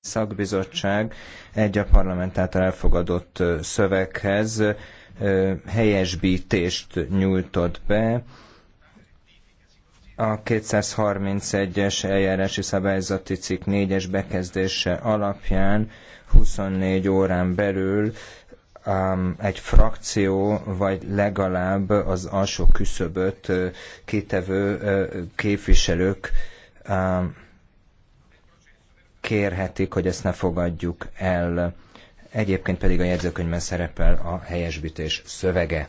szakbizottság egy a parlament által elfogadott szöveghez helyesbítést nyújtott be. A 231-es eljárási szabályzati cikk 4-es bekezdése alapján 24 órán belül um, egy frakció, vagy legalább az alsó küszöböt kitevő képviselők um, kérhetik, hogy ezt ne fogadjuk el. Egyébként pedig a jegyzőkönyvben szerepel a helyesbítés szövege.